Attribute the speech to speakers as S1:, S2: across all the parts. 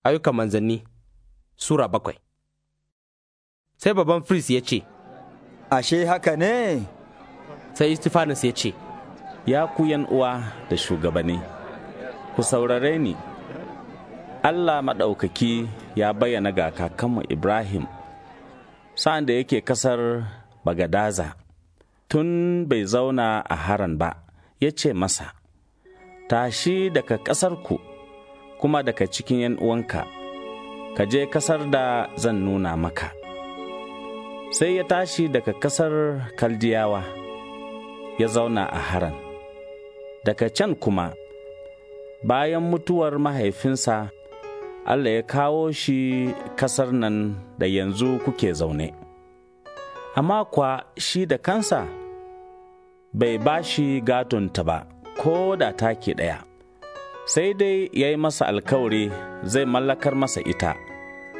S1: Ayyukan manzanni Sura bakwai Sai babban firist ya ce, Ashe haka ne? Sai Istifanus ya ce, Ya ku uwa da shugabanni, ku saurare ni, Allah maɗaukaki ya bayyana ga kakanmu Ibrahim, sa'an da yake kasar Bagadaza, tun bai zauna a haran ba, ya ce masa, Tashi daga ƙasarku. ku. kuma daga cikin ‘yan uwanka, ka je kasar da zan nuna maka. Sai ya tashi daga kasar Kaldiyawa, ya zauna a Haran. Daga can kuma, bayan mutuwar mahaifinsa, Allah ya kawo shi kasar nan da yanzu kuke zaune. Amma kwa shi da kansa, bai ba shi gatonta ba, ko da take ɗaya. sai dai ya yi masa alkawari zai mallakar masa ita,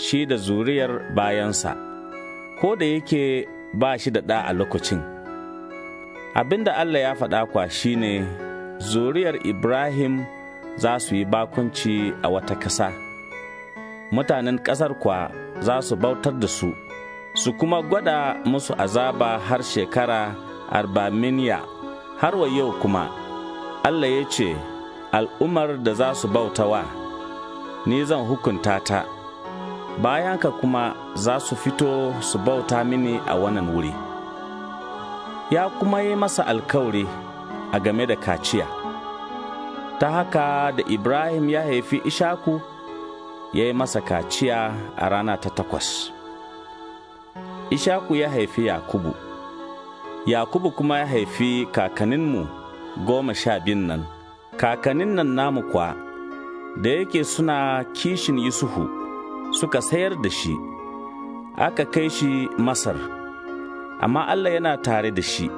S1: shi da zuriyar bayansa, ko da yake ba shi da ɗa a lokacin. Abin da Allah ya faɗa kwa shine zuriyar Ibrahim za su yi bakunci a wata ƙasa, mutanen ƙasar kwa za su bautar da su, su kuma gwada musu azaba har shekara arbaminiya har wa yau kuma, Allah ya ce, al'ummar da za su bauta wa ni zan hukunta ta, bayan ka kuma za su fito su bauta mini a wannan wuri. Ya kuma yi masa alkawari a game da kaciya, ta haka da Ibrahim ya haifi Ishaku ya yi masa kaciya a rana ta takwas. Ishaku ya haifi Yakubu, Yakubu kuma ya haifi kakaninmu goma sha biyun nan. kakannin nan namu kwa da yake suna kishin Yusufu suka sayar da shi aka kai shi Masar amma Allah yana tare da shi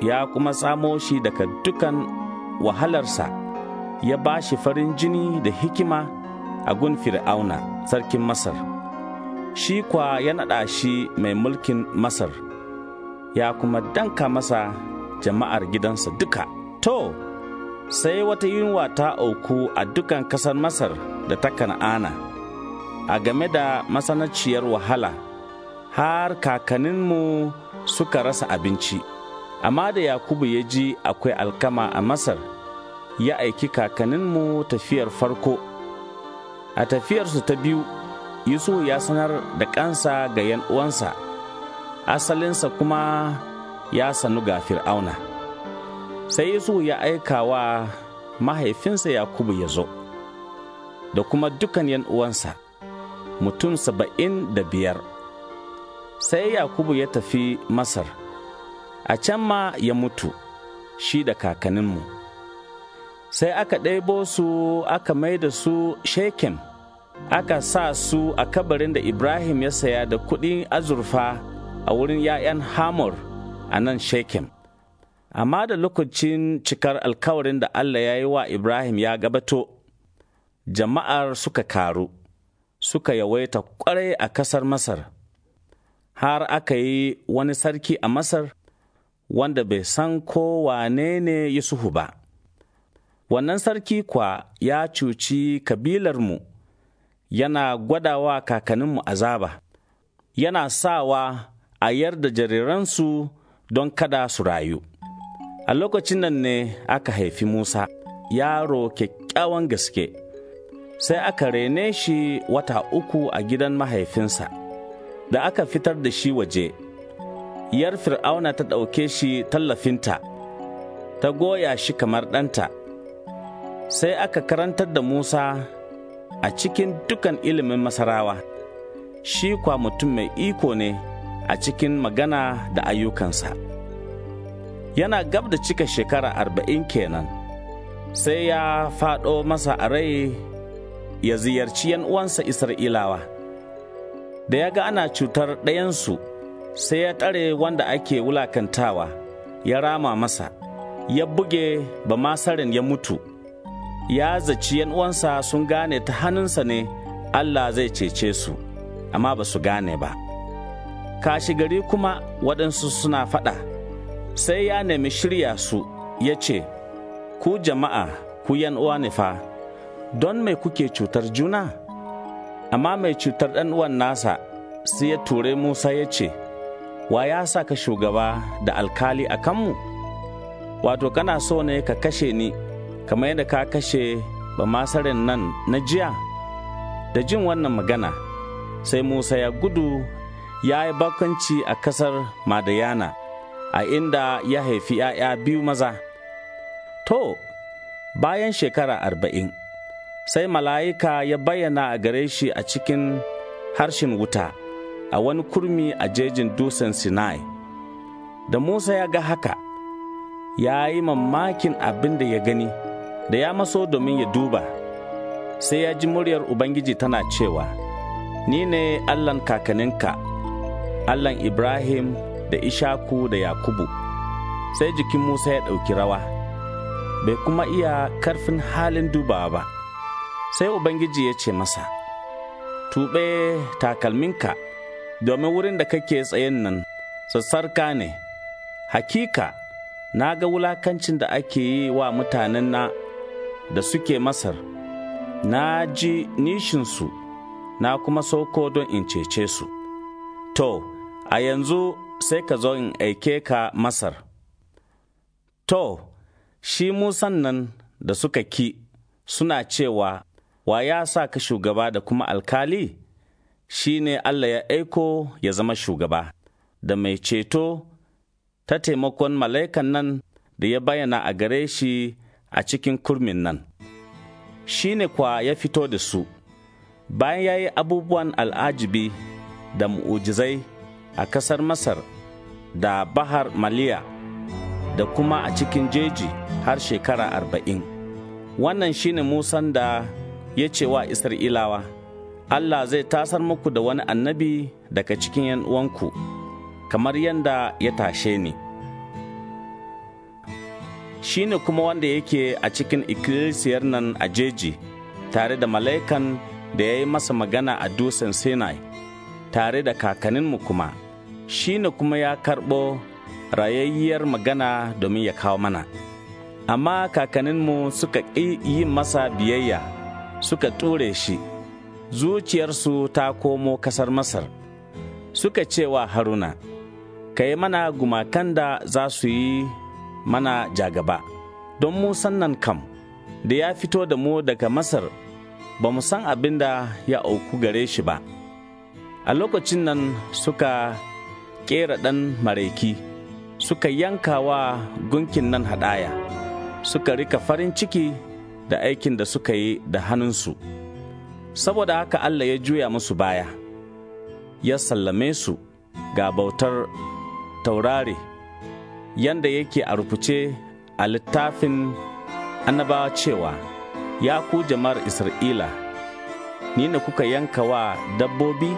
S1: ya kuma samo shi daga dukan wahalarsa ya ba shi farin jini da hikima a gun fir'auna sarkin Masar shi kwa ya naɗa shi mai mulkin Masar ya kuma danka masa jama'ar gidansa duka to sai wata yunwa ta auku a dukan ƙasar masar da ta kan'ana a game da masanaciyar wahala har kakanninmu suka rasa abinci amma da yakubu ya ji akwai alkama a masar ya aiki kakanninmu tafiyar farko a tafiyarsu ta biyu yusuf ya sanar da kansa ga yan uwansa asalinsa kuma ya sanu ga fir'auna. sai Yesu ya aika wa mahaifinsa Yakubu ya zo, da kuma dukan yan uwansa, mutum saba'in da biyar. Sai Yakubu ya tafi Masar, a can ma ya mutu, shi da kakanninmu. Sai aka ɗaibo su aka mai da su Shekem, aka sa su a kabarin da Ibrahim ya saya da kuɗin azurfa a wurin ‘ya'yan Hamor a nan Shekem. amma da lokacin cikar alkawarin da Allah ya yi wa Ibrahim ya gabato, jama'ar suka karu, suka yawaita kwarai a ƙasar Masar, har aka yi wani sarki a Masar wanda bai san ko wane ne Yusufu ba. Wannan sarki kwa ya cuci kabilarmu, yana gwadawa kakanninmu azaba, yana sawa a yarda jariransu don kada su rayu. A lokacin nan ne aka haifi Musa, yaro kyakkyawan gaske, sai aka rene shi wata uku a gidan mahaifinsa, da aka fitar da shi waje. Yar Fir'auna ta ɗauke shi tallafinta, ta goya shi kamar ɗanta, sai aka karantar da Musa a cikin dukan ilimin masarawa, shi kwa mutum mai iko ne a cikin magana da ayyukansa. yana gab da cika shekara arba'in kenan sai ya faɗo masa a rai ya ziyarci yan uwansa isra'ilawa da ya ga ana cutar ɗayansu sai ya tare wanda ake wulakantawa ya rama masa ya buge ba masarin ya mutu ya zaci yan uwansa sun gane ta hannunsa ne allah zai cece su amma ba su gane ba kashi gari kuma waɗansu suna faɗa sai ya nemi shirya su ya ce, Ku jama'a, ku uwa ne fa, don mai kuke cutar juna? Amma mai cutar uwan nasa sai ya ture Musa ya ce, Wa ya sa ka shugaba da alkali a kanmu? Wato, kana so ne ka kashe ni, kamar yadda ka kashe ba masarin nan na jiya? Da jin wannan magana, sai Musa ya gudu ya yi bakanci a ƙasar Madayana. a inda ya haifi ‘ya'ya biyu maza. To, bayan shekara arba'in, sai mala'ika ya bayyana a gare shi a cikin harshen wuta, a wani kurmi a jejin dusan Sinai. Da Musa ya ga haka, ya yi mamakin abin da ya gani, da ya maso domin ya duba, sai ya ji muryar Ubangiji tana cewa, Ni ne Allahn kakaninka, Allahn Ibrahim, da Ishaku da Yakubu, sai jikin Musa ya ɗauki rawa, bai kuma iya karfin halin dubawa ba, sai Ubangiji ya ce masa, Tuɓe takalminka, domin wurin da kake tsayen nan, sassarka ne, hakika, na ga wulakancin da ake yi wa mutanen na da suke Masar, na ji nishinsu, na kuma sauko don in cece su. To, a yanzu sai ka zo in aike ka Masar. To, shi Musan nan da suka ki suna cewa, wa ya sa ka shugaba da kuma alkali? Shi ne Allah ya aiko ya zama shugaba, da mai ceto ta taimakon mala'ikan nan da ya bayyana a gare shi a cikin kurmin nan. Shi ne kwa ya fito da su, bayan ya yi abubuwan al'ajibi da mu'ujizai a ƙasar Masar. da bahar maliya da kuma a cikin jeji har shekara arba'in wannan shine musan da ya ce wa isra'ilawa allah zai tasar muku da wani annabi daga cikin yan uwanku kamar yadda ya tashe ni shine kuma wanda yake a cikin ikkilisiyar nan a jeji tare da mala'ikan da ya yi masa magana a dusan sinai tare da kakanninmu kuma shi ne kuma ya karɓo rayayyiyar magana domin ya kawo mana. Amma kakanninmu suka ƙi yin masa biyayya suka ture shi, zuciyarsu ta komo kasar Masar, suka cewa Haruna, ka yi mana gumakan da za su yi mana jagaba, don mu nan kam, da ya fito da mu daga Masar, ba mu san abin da ya auku gare shi ba. A lokacin nan suka ƙera ɗan mareki suka yanka wa gunkin nan hadaya suka rika farin ciki da aikin da suka yi da hannunsu saboda haka Allah ya juya musu baya ya sallame su ga bautar taurari yanda yake a rubuce a littafin annabawa cewa ya ku jama'ar Isra'ila ni ne kuka yanka wa dabbobi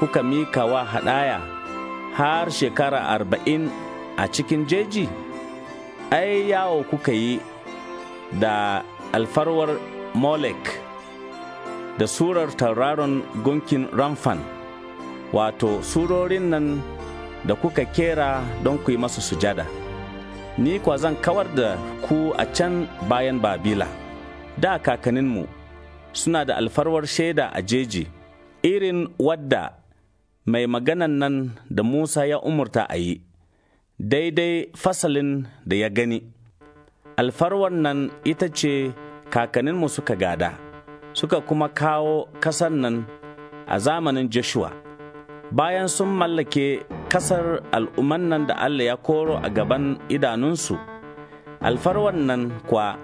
S1: kuka mika wa hadaya har shekara arba'in a cikin jeji ai yawo kuka yi da alfarwar molek da surar tauraron gunkin ramfan wato surorin nan da kuka kera don ku yi masu sujada ni kwa zan kawar da ku a can bayan babila da kakaninmu suna da alfarwar shaida a jeji irin wadda mai maganan nan da Musa ya umurta a yi, daidai fasalin da ya gani. alfarwar nan ita ce kakaninmu suka gada, suka kuma kawo kasan nan a zamanin Joshua. Bayan sun mallake kasar al'umman nan da Allah ya koro a gaban idanunsu, alfarwar nan kwa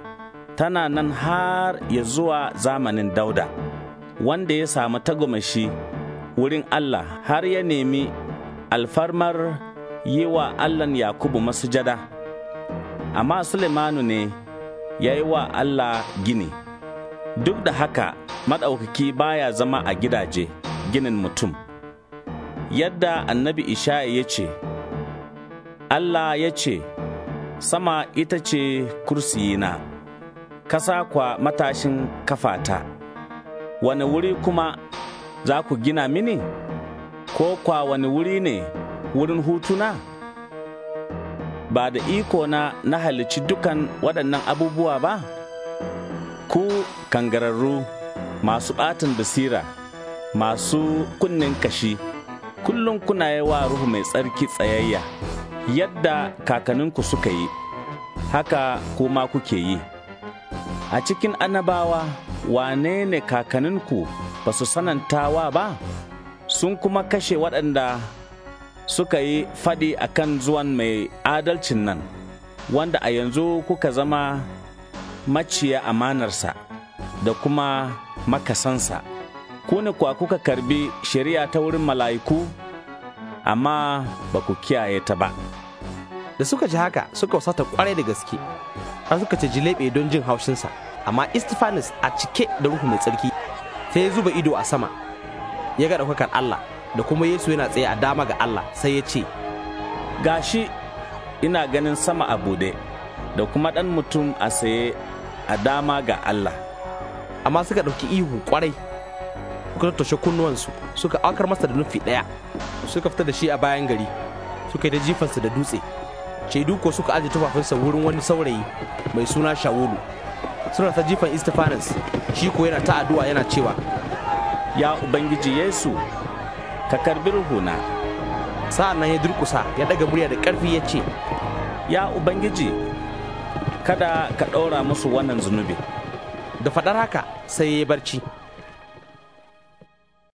S1: tana nan har ya zuwa zamanin Dauda, wanda ya samu tagomashi. wurin Allah har ya nemi alfarmar yi wa Allahn Yakubu masujada, amma Sulemanu ne ya yi wa Allah gini. Duk da haka maɗaukaki baya zama a gidaje ginin mutum. Yadda annabi Ishaya ya ce, Allah ya ce, Sama ita ce kursiyina, kasa kwa matashin kafata, wani wuri kuma za ku gina mini, ko kwa wani wuri ne wurin hutuna? Ba da iko na na halici dukan waɗannan abubuwa ba? Ku kangararru masu ɓatin basira, masu kunnen kashi, kullum kuna yi wa Ruhu mai tsarki tsayayya, yadda kakanninku suka yi, haka kuma kuke yi. A cikin anabawa, wane ne kakaninku? ba su sanantawa ba sun kuma kashe waɗanda suka yi faɗi a kan zuwan mai adalcin nan wanda a yanzu kuka zama maciya amanarsa da kuma makasansa ku ne kuwa kuka karbi shari'a ta wurin mala'iku amma ba ku kiyaye ta ba da suka ji haka suka wasata kwarai da gaske har suka ci jilebe don jin haushinsa amma istifanis a cike da ruhu mai tsarki sai ya zuba ido a sama ya ga ɗaukakar Allah da kuma Yesu yana tsaye a dama ga Allah sai ya ce gashi ina ganin sama a bude da kuma ɗan mutum a saye a dama ga Allah amma suka ɗauki ihu kwarai suka tattoshe kunnuwansu suka aukar masa da nufi ɗaya suka fita da shi a bayan gari suka yi ta jifansa da dutse shaidu ko suka aje tufafinsa wurin wani saurayi mai suna shawulu suna ta jifan istifanis shi ko yana ta addu'a yana cewa ya ubangiji yesu ka karbi ruhuna sa'an nan ya durkusa ya daga murya da karfi ya ce ya ubangiji kada ka ɗaura musu wannan zunubi da faɗar haka sai ya yi barci